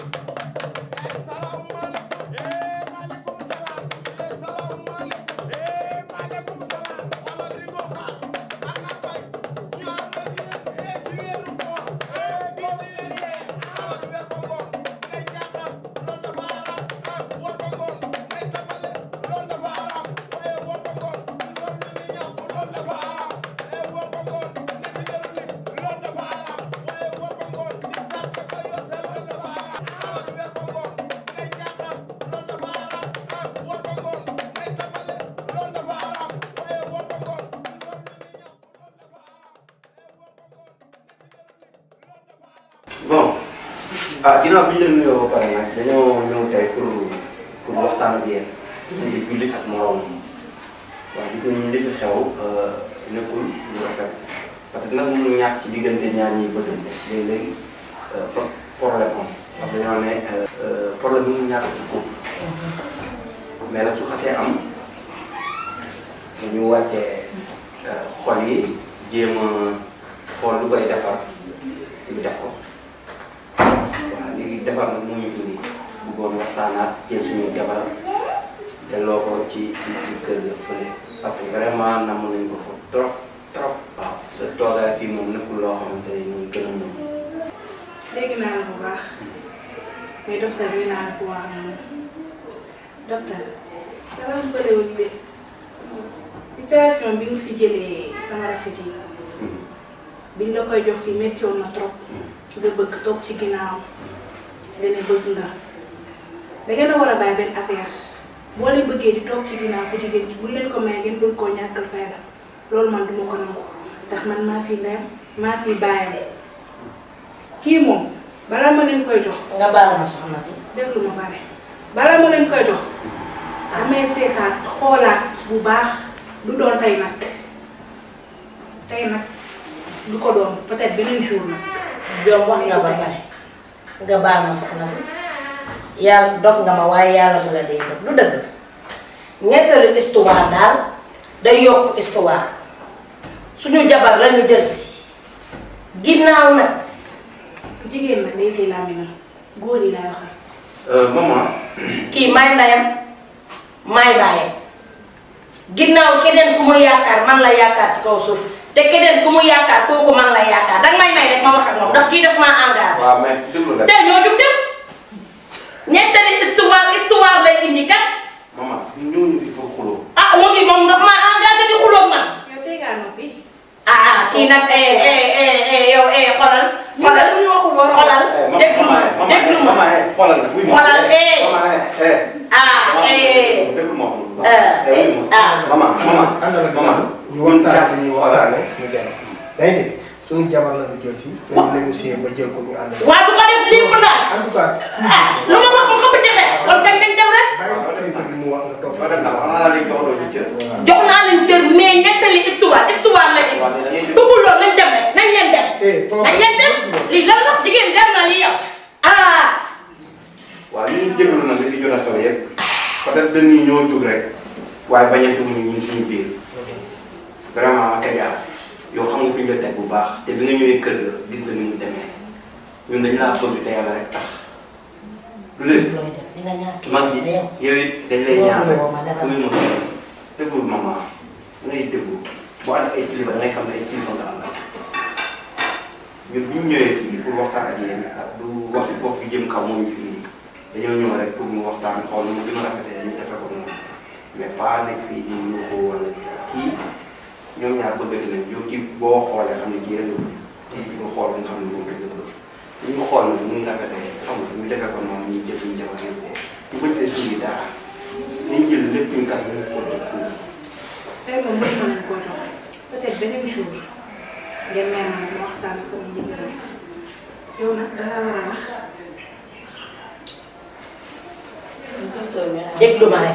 you bon ah ginnaaw bi ñu ba pare nag dañoo ñëw tey pour pour waxtaan ak yéen di jullit ak morom waaw gis nañu li fi xew nekkul lu rafet parce que nag mënu ñàkk ci diggante ñaar ñi bëggante léegi léegi fa problème am parce que dañoo ne problème mënu ñàkk ci couple mais nag su xasee am ñu wàccee xol yi jéem a xool lu koy defar ñu def ko defar na mu ñu indi bëggoon waxtaanaat jël suñu jabar delloo ko ci ci ci kër ga fële parce que vraiment namm nañ ko fa trop trop waaw sa toogaay fii moom nekkul loo xamante ni muy gën a moom léegi naa la bu baax mais docteur bi naa la ko wax noonu docteur dara mu bëriwul de situation bi nga fi jëlee sama rafet yi hmm. biñ la koy jox fi méttiwoon na trop hmm. nga bëgg toog ci ginnaaw nga ne bëgg nga da ngeen a war a bàyyi benn affaire boo leen bëggee di toog ci ginnaaw ku jigéen ci bu leen ko may ngeen bëgg koo ñàkkal fayda loolu man duma ko nangu ndax man maa fi ndeyam maa fi bàyyam kii moom balaa ma leen koy jox. nga baal ma soxna si. ma bare balaa ma koy jox damay seetaat xoolaat bu baax du doon tey nag tey nag du ko doon peut-être beneen jour nag. yow wax nga baal ma soxna si yàlla dog nga ma waaye yàlla mu la dee dog lu dëgg ñetteelu histoire daal day yokk histoire suñu jabar la ñu ginnaaw nag jigéen la day teel a mel góor yi laay waxal. Euh, maman. kii may ndayam may baayam. ginnaw keneen ku ma yaakaar man la yaakaar ci kaw suuf te keneen ku mu yaakaar kooku man la yaakaar dag may may rek ma wax ak mom ndax ki daf ma engagé. wa mais déglu nga. te ñoo jug dem ñettali histoire histoire lay indi kat. maman ñu fi pour ah mu ngi mom ndax ma engagé di xuloo man. yow tey ah ki nak eh eh eh yow eh xolal. xolal ñu waxu bo xolal. deglu ma deglu ma xolal. xolal eh. ah eh. eh deglu ma ah maman maman. maman ñu waxtaanee ñu waxtaanee ñu gën a. day dégg suñu jabar la ñu jël si. waaw dañu négocier ba jël ko ñu ànd. waaw du ko def lii mun naa. en tout cas. ah lu ma wax ma xam ci xel. kon kañ lañ dem rek. mu wax nga topp. jox naa leen cër mais ñettali histoire histoire la ci. bëggul loolu nañ dem rek nañ leen dem. Eh, nañ leen dem lii lan la jigéen dem. que dañuy ñoo jug rek waaye bañatu ñu ñun suñu biir vraiment Tega yow xam nga fi nga teg bu baax te bi nga ñëwee kër ga gis nga ni mu demee ñun dañu laa bëgg te yàlla rek tax. lu léegi mag yi yow it dañ lay ñaan rek muy mu déglu maman ngay déglu boo ànd ay kilifa da ngay xam ne ay kilifa nga am la ñun bu ñu ñëwee fii pour waxtaan ak yéen du wax bopp bi jëm kaw moom ñu fi dañoo ñëw rek pour ñu waxtaan xool nu mu gën a rafetee ñu defee ko moom mais pas nekk fii di ñu ko wala kii ñoom ñaar bëggati nañ yow kii boo xoolee xam ne kii rek kii nga xool nga xam ne moom rek la bëgg ñu ko xool nag muy rafetee xam nga ñu defee ko moom ñu jël ñu jëfandikoo ko ñu bañ a suñu dara liñ jël lépp ñu gas ñu ko jox fii. tey moom mën nañu ko jox peut-être beneen jour ngeen may ma waxtaan ak sama njëkk yow nag dana war a wax. déglu ma rek.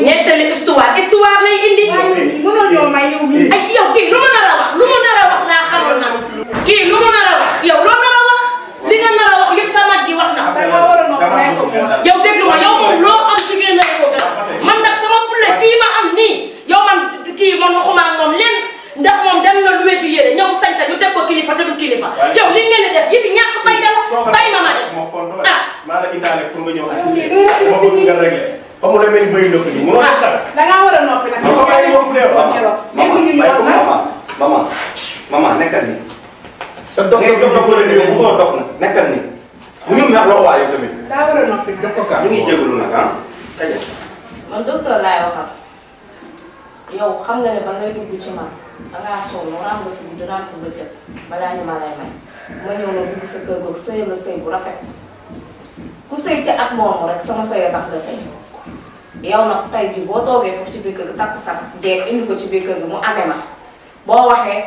nettali histoire histoire lay indi. mënoo ñoo may yow mii. ay yow kii lu mu nar a wax lu mu nar a wax laa xamoon na kii lu mu nar a wax yow loo nar a wax li nga nar a wax yëpp sa mag gi wax na ko. yow déglu ma yow moom loo bëri ndox mi moo tax. da ngaa war a noppi nag. ma maman maman nekkal ni. sa dox dox dox dox bu soo dox na nekkal ni. bu ñu mer loo waaye tamit. daa war a noppi nag ko ñu ngi jégalu nag ah. man docteur laay waxal yow xam nga ne ba ngay dugg ci man da ngaa sonn raam nga fi gudd raam fa nga jël balaa ñu ma lay may ma ñëw na dugg sa kër googu sëy la sëy bu rafet ku sëy ci at moomu rek sa sëy tax nga sëy. yow nag tey ji boo toogee foofu ci biir kër gi takk sax jeeg indi ko ci biir kër gi mu amee ma boo waxee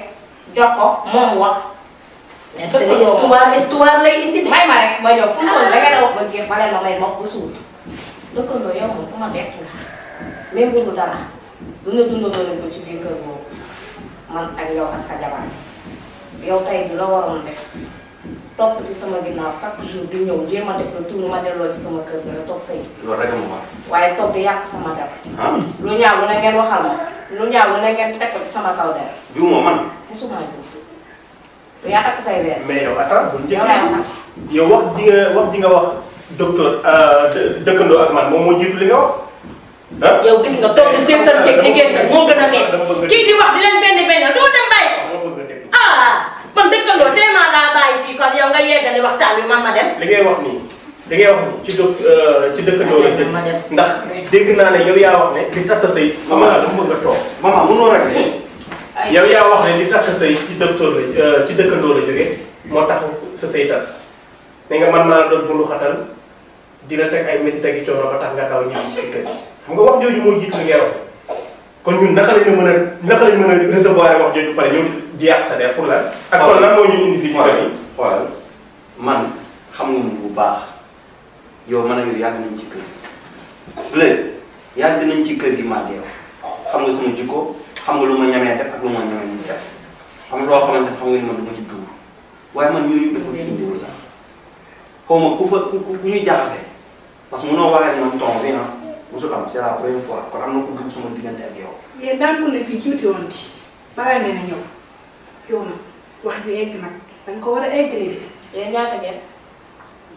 jox ko moom wax. dëgg histoire histoire lay indi de. may ma rek ma ñëw fu mu toll ah. da ngay wax ba géex ma ne ma may wax ba suur dëkkandoo yow moom ku ma bett la même bu dul dara lu ne dundandoo nañ ko ci biir kër boobu man ak yow ak sa jabar yow tey du la waroon topp ci sama ginnaaw chaque di ñëw jéem a def ma sama kër ga la toog say. loolu rek ma waaye toog di sama lu ñaaw lu ne lu ñaaw lu ne ngeen sama kaw man. mosuma juum. lu yaa takk say weer. mais yow attends bu njëkk yow wax ji nga wax ji nga wax docteur dëkkandoo ak man moom moo jiitu li nga wax. yow gis nga toog di desante di man dëkkandoo téeméer daa bàyyi fii kon yow nga yeggale waxtaan wi man ma dem. li ngay wax nii li ngay wax nii ci dëkk euh, ci dëkkandoo la dëkk ndax dégg naa ne yow yaa wax ne li tas sa sëy. a toog maman mënoo rek yow yaa wax ne li tas sa sëy ci docteur la euh, ci dëkkandoo la jógee moo tax sa sëy tas nga man maa la doon bundu xatal di la teg ay métti teg i coono ba tax nga daw ñibbi si kër xam nga wax jooju moo jiitu li ngay wax kon ñun naka la mën a naka la mën a recevoir wax jooju pare ñëw di yàq sa der pour lan. ak kon lan moo ñu indi fii ci kër yi xoolal man xam nga bu baax yow man ak yow yàgg nañ ci kër gi. bu léegi yàgg nañ ci kër gi maa yow xam nga sama jikko xam nga lu ma ñamee def ak lu ma ñamee ñu def xam nga loo xamante ne xam nga ni man du ma ci dugg waaye man yooyu dafa fi indiwul sax xaw ma ku fa ku ñuy jaxase parce que munoo waxee man ton bi na ah, musul am c'est la première fois kon am na ku dugg sama diggante ak yow. mais daan ko ne fii jiwte woon ci. bala ngeen a ñëw. yow nag wax ju egg nag danga ko war a eggalee bi. yéen ñaata ngeen.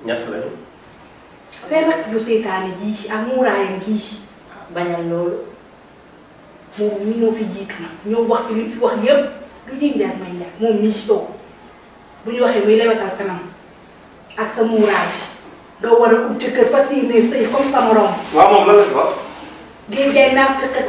ñett lañu. seen rakk ju seytaane ji ak muuraayam ji. bañal loolu. moom ñi moo fi jiitu nag ñoo wax fi li fi wax yëpp du ji njaat may njaat moom ñi si toog bu ñu waxee muy lewetal kanam ak sa muuraay nga war a ut jëkkër fas yéenee sëy comme sa morom. waaw moom la ci wax. géej gaay naa fekk ak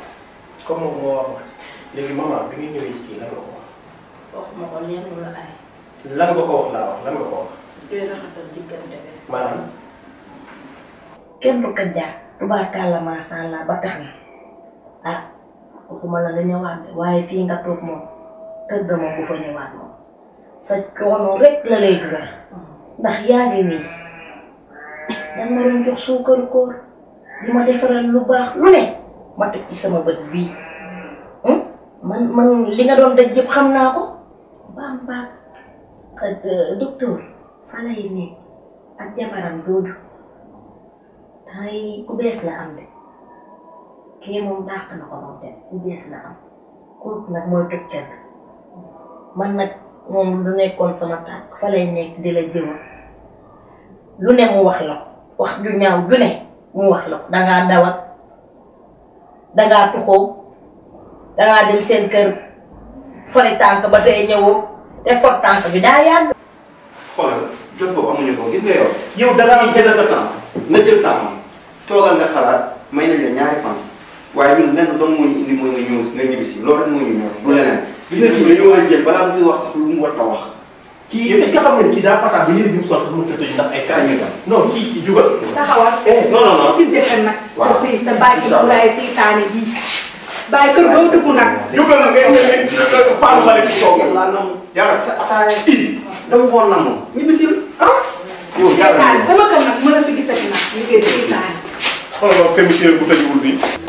comme woor nga mama bi nga ñëwee ci kii ko wax. lu ay. lan nga ko wax laa wax lan nga ko wax. day kenn ko jaar allah ba ah waxuma la nga ñëwaat waaye fii nga toog moom kër ga bu fa ñëwaat moom sa coono rek la lay dugal ndax yaa ngi nii ma doon jox koor di defaral lu baax lu ne ma ci sama bii man man li nga doon daj yëpp xam naa ko baam baam ak fa lay nekk ak jabaram doodu tay ku bees la am de kii moom dàq na ko moom dem ku bees la am kooku nag mooy toj kër man nag moom lu nekkoon sama tànk fa lay nekk di la jëma lu ne mu wax la ko wax ju ñaaw ju ne mu wax la ko dangaa dawat dangaa tuxoo dangaa dem seen kër fori tànk ba tey ñëwoo te for tànk bi daa yàgg. xoolal jot boobu amuñu ko gis nga yow. yow da ngaa jël sa temps nga jël temps toogal nga xalaat may nañ la ñaari fan waaye ñun lenn doon moo ñu indi mooy nga ñëw nga ñibbi si loolu rek moo ñu ñor du leneen. gis nga kii dañoo war a jël balaa mu fi wax sax lu mu war a wax. kii yow est-ce que xam nga ni kii daa pataat ba yëre bi mu sol sax mu tëdd ndax ay kaa ñu daal. non kii jugal. taxawal. Eh, non non non. kii defe na. waaw te fii te bàyyi fii taane ji. bàyyi kër boo dugg nag. jublu na ngay ñëwee Paa Malick toog. yàlla na mu yàlla sa ataaya dama ko na mu ñibbisi ah. yow dama ko nag mën a fi gisati nag liggéey bi naa xoolal féminin bu tëjuwul bi